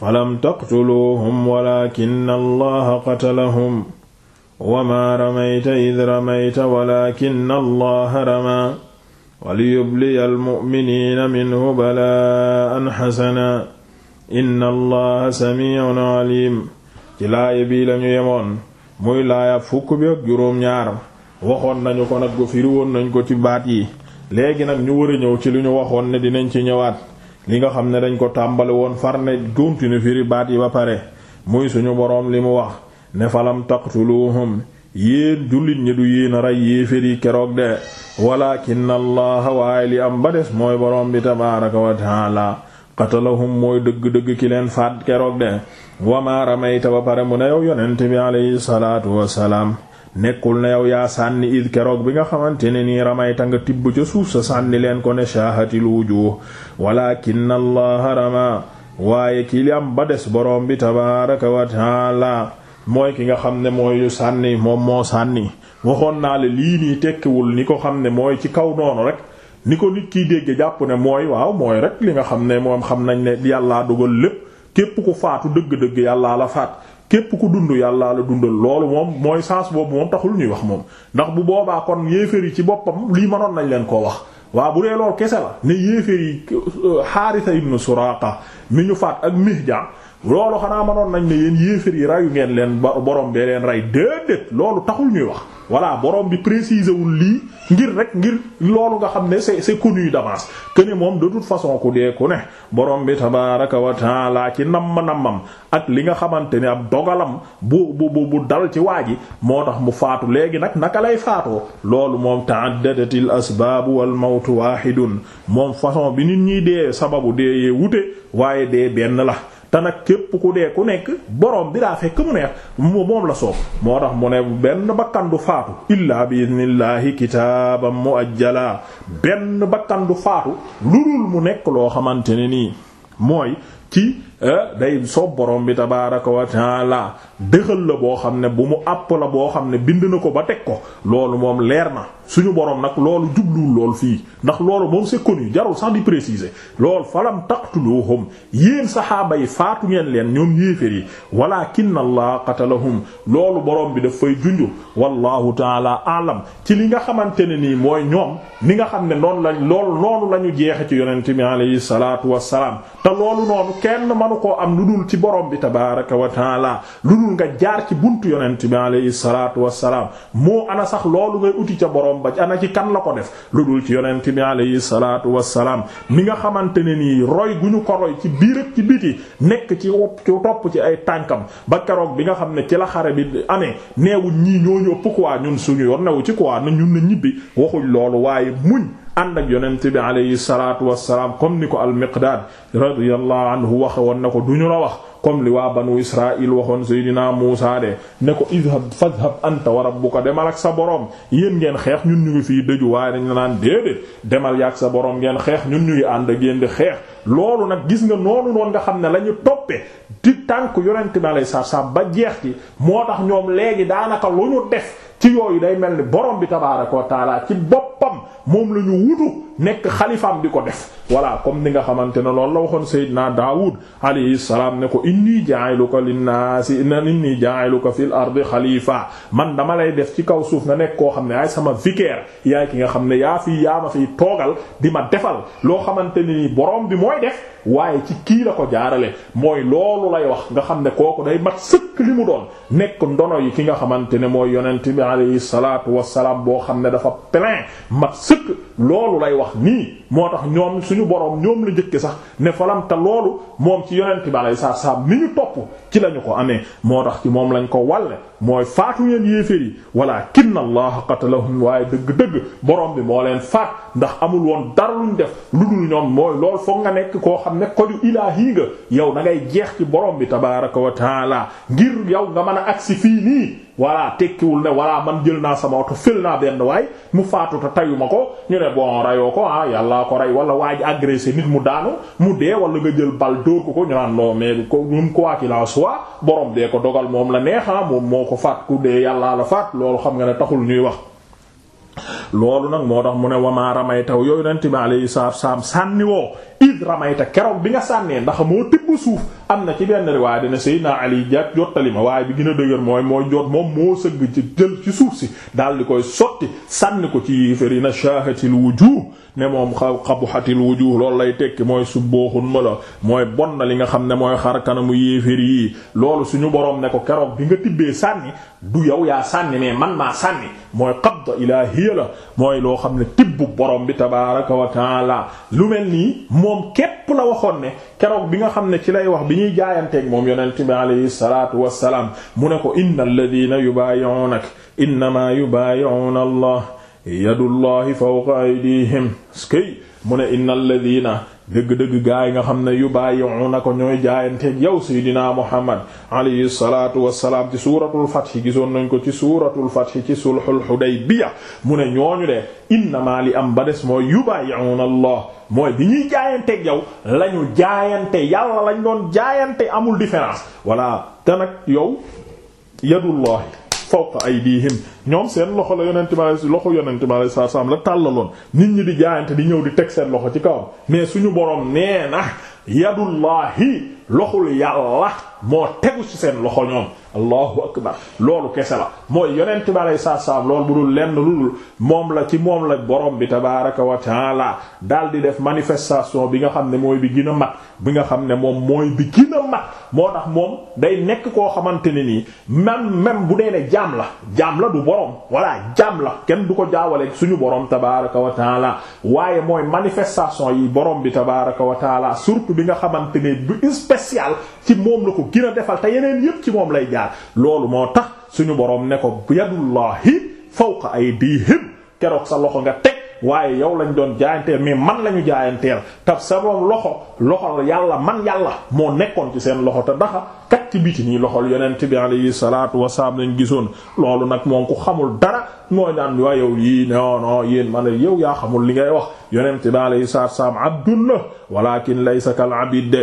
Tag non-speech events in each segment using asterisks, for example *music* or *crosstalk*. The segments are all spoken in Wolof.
falam taqtuluuhum walakinna allaha qatalahum wama ramayta id ramayta walakinna allaha rama waliyubliya almu'miniina minhu balaa'an xasana inna allaha samiun alim ci laaya bii lañu yemoon muy laaya fukk bi ak juróom-ñaar waxoon nañu ko nag ko firi woon nañ ko ci baat yi léegi nag ñu war a ñëw ci lu ñu waxoon ne dinañ ci ñëwaat li nga xam ne dañ ko tàmbali woon far ne continue firi baat yi ba pare muy suñu boroom li mu wax ne falam taqtuluhum yéen jullit ñi du yéen rey yéefér yi keroog de walakin allaha waaye li am ba des mooy boroom bi tabaaraka wa taala qatalahum mooy dëgg-dëgg ki leen faat keroog de wamaa ramayta ba pare mu ne yow yonent bi alayhi salaatu wassalaam nekkul na yow yaa sànni id keroog bi nga xamante ne nii ramayta nga tibb ca suuf sa sànni leen ko ne shaahatil wujuh walakinna allaha rama waaye ki li am ba des borom bi tabaraka wa taala mooy ki nga xam ne mooy sànni moom moo sànni waxoon naa le lii nii tekkiwul ni ko xam ne mooy ci kaw noonu rek ni ko nit kiy dégg jàpp ne mooy waaw mooy rek li nga xam ne moom xam nañ ne yàllaa dugal lépp képp ku faatu dëgg-dëgg yàllaa la faat képp ku dund yàlla la dundal loolu moom mooy sens boobu moom taxul ñuy wax moom ndax bu boobaa kon yéeféer yi ci boppam lii mënoon nañ leen koo wax waaw bu dee loolu kese la ne yéeféer yi xaarisa ibnu suraqa mi ñu faat ak mihja loolu xanaa mënoon nañ ne yéen yéefar yi rayu ngeen leen borom bee leen rey déedéet loolu taxul ñuy wax voilà borom bi préciser wul lii ngir rek ngir loolu nga xam ne c'est c'est connu d'avance moom de façon ku dee ku ne borom bi tabaaraka wa laa ci nam nammam ak li nga xamante ne ab dogalam bu bu bu dal ci waa ji moo tax mu faatu léegi nag naka lay faatoo loolu moom ta'addadatil asbaabu wal mawtu waahidun moom façon bi nit ñiy dee sababu dee yee wute waaye dee benn la. te nag képp ku dee ku nekk borom bi daa fekk mu neex moom la soob moo tax mu ne benn bakkan du faatu illaa bi idnillahi kitaaban muajjala benn bakkan du faatu lu dul mu nekk loo xamante ne nii mooy ci Eh, day soob borom bi tabaaraka wa taala dëxal la boo xam ne bu mu àpp la boo xam ne bind na ko ba teg ko loolu moom leer na suñu borom nag loolu jubluwul lool fii ndax loolu moom c'est connu jarul sax di préciser loolu falam taqtuluhum yéen saxaaba yi faatu ngeen leen ñoom yéefér yi walakin allah qatalahum loolu borom bi daf fay junju wallahu taala alam ci li nga xamante ne nii mooy ñoom ni nga xam ne noonu lañ loolu noonu la ñu jeexe ci yonente bi alayhi salaatu wassalaam manu koo am lu dul ci borom bi tabaaraka wa taala lu dul nga jaar ci buntu yonent bi alayhi salaatu wassalaam moo ana sax loolu ngay uti ca borom ba ana ci kan la ko def lu dul ci yonent bi alayhi salaatu wassalaam mi nga xamante ne nii roy gu ñu ko roy ci biir ak ci biti nekk ci wopp ci topp ci ay tànkam ba keroog bi nga xam ne ci la xare bi amee neewul ñii ñoo ñu ëpp quoi ñun suñu yoon newu ci quoi na ñun na ñibbi waxuñ loolu waaye muñ ànd ak yonent bi alayhi salaatu wassalaam comme ni ko al-Miqdaad radiyallahu anhu wax woon na ko duñu la wax comme li waa banu Israaïl waxoon Seydina Muusaa de ne ko idhab fadhab anta wa ko demal ak sa boroom yéen ngeen xeex ñun ñu ngi fii dëju waaye dañ la naan déedéet demal ak sa boroom ngeen xeex ñun ñu ngi ànd ak yéen di xeex loolu nag gis nga noonu noonu nga xam ne la ñu toppee di tànk yonent bi alayhi sa wassalaam ba jeex ci moo tax ñoom léegi daanaka lu def ci yooyu day mel ni boroom bi tabaaraka wa taala moom la ñu wutu nekk xalifaam di ko def voilà comme ni nga xamante ne loolu la waxoon Seydina Daawud alayhi salaam ne ko inni ja'iluka linnaasi ko ja'iluka fil ardi xalifa man dama lay def ci kaw suuf nga nekk koo xam ne yaay sama vicaire yaay ki nga xam ne yaa fi yaa ma fiy toogal di ma defal loo xamante ne ni borom bi mooy def waaye ci kii la ko jaarale mooy loolu lay wax nga xam ne kooku day mat sëkk li mu doon nekk ndono yi ki nga xamante ne mooy yonent bi alayhi salaatu wassalaam boo xam ne dafa plein mat sëkk loolu lay wax nii moo tax ñoom suñu boroom ñoom la njëkke sax ne falam te loolu moom ci yonent bi alayhi salaam ni ñu topp ci lañu ko amee moo tax ci moom lañ ko walle mooy faatu ngeen yéeféer yi walaakinna allaha qatalahum waaye dëgg-dëgg borom bi moo leen faat ndax amul woon dara luñ def lu dul ñoom mooy lool foog nga nekk koo xam ne koju ilaahi nga yow da ngay jeex ci borom bi tabaraka wa taala ngir yow nga man a agsi fii nii voilà tekkiwul ne voilà man jël naa sama oto fël naa benn waay mu faatu te tayu ma ko ñu ne bon rayoo ko ah yàllaa ko rey wala waa ji nit mu daanu mu dee wala nga jël bal dóor ko ñu soit borom dee ko dogal moom la neexa moom moo ko faat ku dee yàllaa la faat loolu xam nga ne taxul ñuy wax loolu nag moo tax mu ne wamaa ramayta yooyu nent bi alayhi salaatu salaam sànni woo id ramayta keroog bi nga sànnee ndax moo tibb suuf am na ci benn riwaaya dina Seydina Ali jat jot jottali ma waaye bi gën a dëgër mooy mooy jot moom moo sëgg ci jël ci suuf si daal di koy sotti sànni ko ci yéeféri na shahatil wujuh ne moom xa xabuxatil wujuh loolu lay tekki mooy subbooxun ma la mooy bon na li nga xam ne mooy xar kanamu yéeféri yi loolu suñu boroom ne ko keroog bi nga tibbee sànni du yow yaa sànni mais man maa sànni mooy qabda ilaahiya la mooy loo xam ne tibbu borom bi tabaaraka wa taala lu mel nii moom képp na waxoon ne keroog bi nga xam ne ci lay wax bi ñuy jaayanteeg salaatu wassalaam mu ne ko inna alladina yubaayi'unak innama yubaayi'una allah yadullahi fawqa aydihim skay mu ne inna alladina dëgg-dëgg gaa yi nga xam ne yu bàyyiwu na ko ñooy jaayanteeg yow seydinaa muhammad alayhi salaatu wassalaam ci suuratu fath gisoon nañ ko ci suuratul fath ci sulhul hudaybiya mu ne ñooñu de innamaa li am ba des mooy yu bàyyiwuna allah mooy bi ñuy jaayanteeg yow lañu jaayante yàlla lañ doon jaayante amul différence voilà te nag yow yadullahi fawqa aydihim ñoom seen loxo la yonente ma loxo yonente ma alei satu salaam la tàllaloon nit ñi di jaayante di ñëw di teg seen loxo ci kawam mais suñu borom nee na yadullahi loxul yàlla moo tegu ci seen loxo ñoom allahu akbar loolu kese la mooy yonent bi alay saa salaam loolu bu dul lenn lu dul moom la ci moom la borom bi tabaaraka wa taala daal di def manifestation bi nga xam ne mooy bi gën a bi nga xam ne moom mooy bi gën a moo tax moom day nekk koo xamante ne nii même même bu dee ne jaam la jaam la du borom voilà jaam la kenn du ko jaawale suñu borom tabaaraka wa waaye mooy manifestation yi borom bi tabaaraka wa taala surtout bi nga xamante ne bu spécial ci moom la ko gën defal te yeneen yépp ci moom lay jaar loolu moo tax suñu boroom ne ko yadullahi fawqa aydihim keroog sa loxo nga teg waaye yow lañ doon jaayanteel mais man la ñu jaayanteel tab sa loxo loxo yàlla man yàlla moo nekkoon ci seen loxo te ndaxa kat ci biti nii loxol yonent bi alayhi salaatu wasalaam nañ gisoon loolu nag moom ku xamul dara mooy naan waa yow yii non non yéen ma ne yow yaa xamul li ngay wax yonent bi alayhi salaatu wasalaam abdullah walakin laysa kal abid te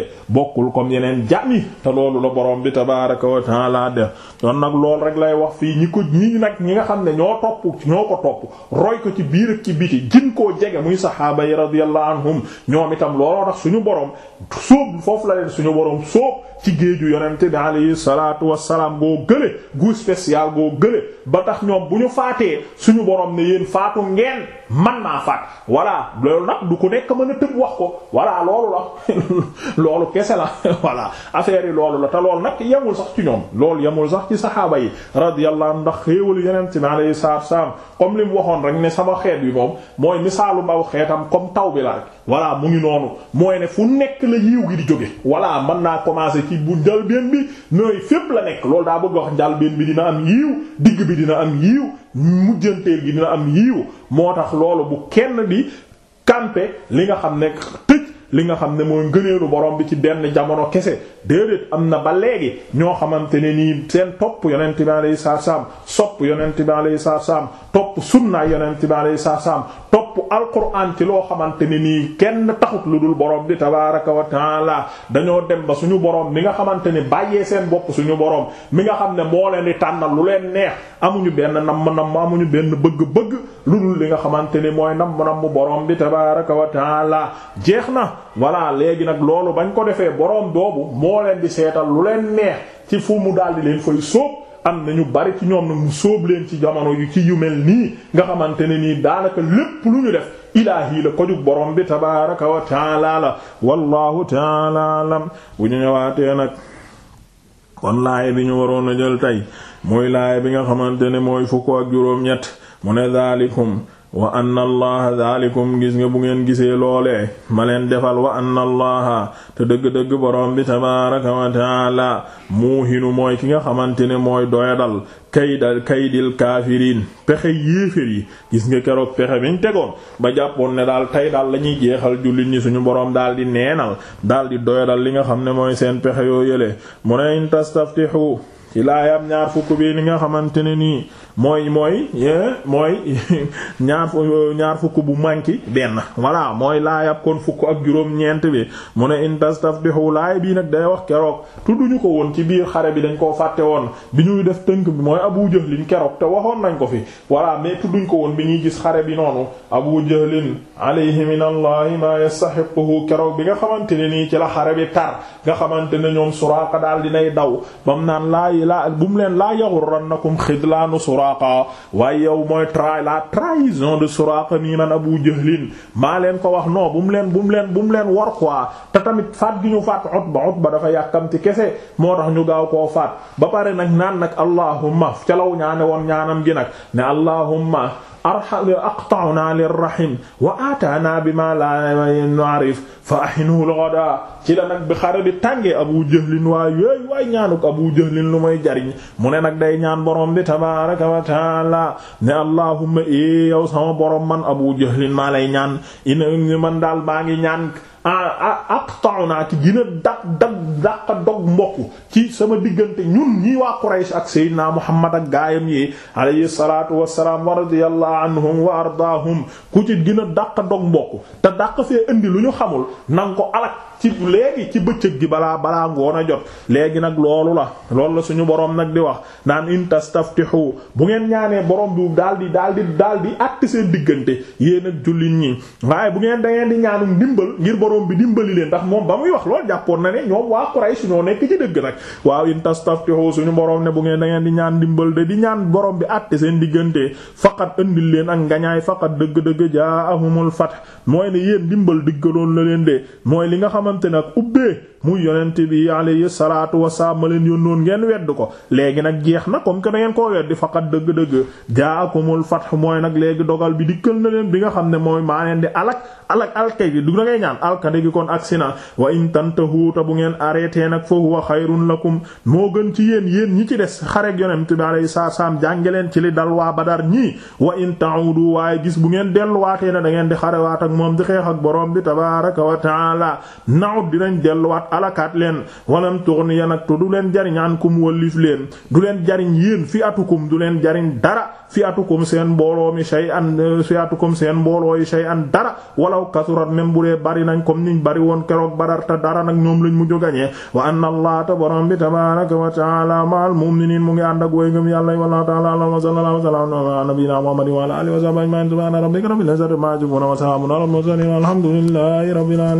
loolu la borom bi tabaaraka wa taala de doon nag loolu rek lay wax fii ñi ko ñi nag ñi nga xam ne ñoo topp ñoo ko topp roy ko ci biir ak ci biti gin koo jege muy saxaaba yi radiyallahu anhum ñoom itam looloo tax suñu borom sóob foofu la leen suñu borom sóob ci géeju yonent yonent bi alayhi salaatu salaam goo gële gu spécial goo gële ba tax ñoom bu ñu faatee suñu borom ne yéen faatu ngeen man maa faat voilà loolu nag du ko nekk mën a tëb wax ko voilà loolu la *laughs* loolu kese la *laughs* voilà affaire yi loolu la te loolu nag yemul sax ci ñoom loolu yemul sax ci saxaaba yi radiyallahu anhu ndax xéewalu yonent bi alayhi salaatu wassalaam comme li mu waxoon rek ne sama xeet bi moom mooy misaalu mbaw xeetam comme taw bi la rek voilà mu ngi noonu mooy ne fu nekk la yiw gi di jóge voilà mën naa commencer ci bu njalbeen bi nooy fépp la nekk loolu daa bëgg wax njalbeen bi dina am yiw digg bi dina am yiw mujjanteel gi dina am yiw moo tax loolu bu kenn di camper li nga xam ne tëj li nga xam ne mooy ngëneelu borom bi ci benn jamono kese déedéet am na ba léegi ñoo xamante ne nii seen topp yonent bi alayhi salaam sopp yonent bi alayhi salaam topp sunna yonent bi alayhi salaam topp alquran ci loo xamante ne nii kenn taxut lu dul borom bi tabaaraka wa taala dañoo dem ba suñu borom mi nga xamante ne bàyyee seen bopp suñu borom mi nga xam ne moo leen di tànnal lu leen neex amuñu benn namm namm amuñu benn bëgg-bëgg lu dul li nga xamante ne mooy namm namm borom bi tabaaraka wa taala jeex na. voilà léegi nag loolu bañ ko defee boroom boobu moo leen di seetal lu leen neex ci fu mu daldi leen fay sóob am na ñu bari ci ñoom nag mu sóob leen ci jamono yu ci yu mel nii nga xamante ne nii daanaka lépp lu ñu def ilaahi la ko jug boroom bi tabaaraka wa taala la wallahu taala alam bu ñu ñëwaatee nag kon laay bi ñu waroon a jël tey mooy laay bi nga xamante ne mooy fukk ak juróom-ñett mu ne daalikum wa anna allaha daalikum gis nga bu ngeen gisee loolee ma leen defal wa anna allaha te dëgg-dëgg borom bi tabaaraka wa taala muuhinu mooy ki nga xamante ne mooy doyadal kaydal kaydil kaafiriin pexe yéefér yi gis nga keroog pexe ñu tegoon ba jàppoon ne daal tey daal la ñuy jeexal jullit ñi suñu boroom daal di neenal daal di doyadal li nga xam ne mooy seen pexe yoo yële mu ne in tastaftihu ci laayam ñaar fukk bi li nga xamante ne nii mooy mooy mooy *laughs* ñaar ñaar fukk bu manki benn voilà mooy laayab kon fukk ak juróom-ñeent bi mu ne in tastaftihu laay bii nag day wax keroog ñu ko woon ci biir xare bi dañ koo fàtte woon bi ñuy def tënk bi mooy Abu Jahlin keroog te waxoon nañ ko fi voilà mais tudduñ ko woon bi ñuy gis xare bi noonu Abu Jahlin alayhi min allahi ma yastahiquhu keroog bi nga xamante ne nii ci la xare bi tar nga xamante ne ñoom Suraaqa daal dinay daw bam naan laa la bu mu leen laa yaghurrannakum xidlaanu Suraaqa Suraaqa waaye yow mooy tra la trahison de Suraaqa nii man Abu Jahlin maa leen ko wax non bu mu leen bu mu leen bu leen war quoi te tamit faat gi ñu faat Utba Utba dafa yàkkamti kese moo tax ñu gaaw koo faat ba pare nag naan nag allahumma ca law ñaane woon ñaanam gi nag ne allahumma aqta'na lirrahim wa aataana bima la na'rif fa ahinu al-ghada ci la nag bi xare di tàngee abu jahlin waay yooy waay ñaanuk abu jahlin lu may jariñ mu ne nag day ñaan borom bi tabaraka wa taala ne allahumma eh, yow sama borom man abu jahlin maa lay ñaan ina man daal maa ngi aqta'una naa ci a daq daq daq dog mbokk ci sama diggante ñun ñii waa Quraysh ak Seydina Muhammad ak gaayam yi alayhi salaatu wassalaam wa radiyallahu anhum wa ardaahum ku ci gën a daq dog mbokk te daq fee indi lu ñu xamul nang ko alak ci léegi ci bëccëg bi balaa balaa ngoon a jot léegi nag loolu la loolu la suñu boroom nag di wax naan in tastaftihu bu ngeen ñaanee borom bi daal di daal di daal di àtt seen diggante yéen ak jullit ñii waaye bu ngeen da ngeen di ñaanum ndimbal ngir boroom bi dimbali leen ndax moom ba muy wax loolu jàppoon na ne ñoom waa Quraysh ñoo nekk ci dëgg nag waaw in tastaftihu suñu boroom ne bu ngeen da ngeen di ñaan ndimbal de di ñaan borom bi àtt seen diggante faqat andil leen ak ngañaay faqat dëgg-dëgg jaahumul fath mooy ne yéen ndimbal diggaloon la leen de mooy li xamante ne ak muy yonent bi alayhi salaatu wasalaam ma leen yónnoon ngeen wedd ko léegi nag jeex na comme que da ngeen koo weddi faqat dëgg-dëgg jaakumul fath mooy nag léegi dogal bi dikkal na leen bi nga xam ne mooy maa leen di alak alak alke gi du da ngay ñaan alkande gi kon aksi na wa in tantahu ta bu ngeen arrêté nag fa huwa xayrun lakum moo gën ci yéen yéen ñi ci des xarek yonent bi alayhi sa wasalaam jànge leen ci li dal waa ba Badar ñii wa in ta'udu waaye gis bu ngeen delluwaatee na da ngeen di xarewaat ak moom di xeex ak borom bi tabaaraka wa ta'ala na'ud dinañ delluwaat alakaat leen walam tughni ya nag te du leen jariñ ankum wallif leen du leen jariñ yéen fi atukum du leen jariñ dara fi atukum seen mbooloo mi shay'an fi atukum seen mbooloo yi shay'an dara walaw kasurat même bari nañ comme niñ bari woon keroog Badar dara nag ñoom lañ mujj gañee wa anna allah ta borom bi tabaaraka wa ta'ala ma'al mu'minin mu ngi ànd ak way ngëm yàlla wallahu ta'ala allahumma salli ala nabiyyina muhammadin wa ala alihi wa sahbihi ajma'in subhana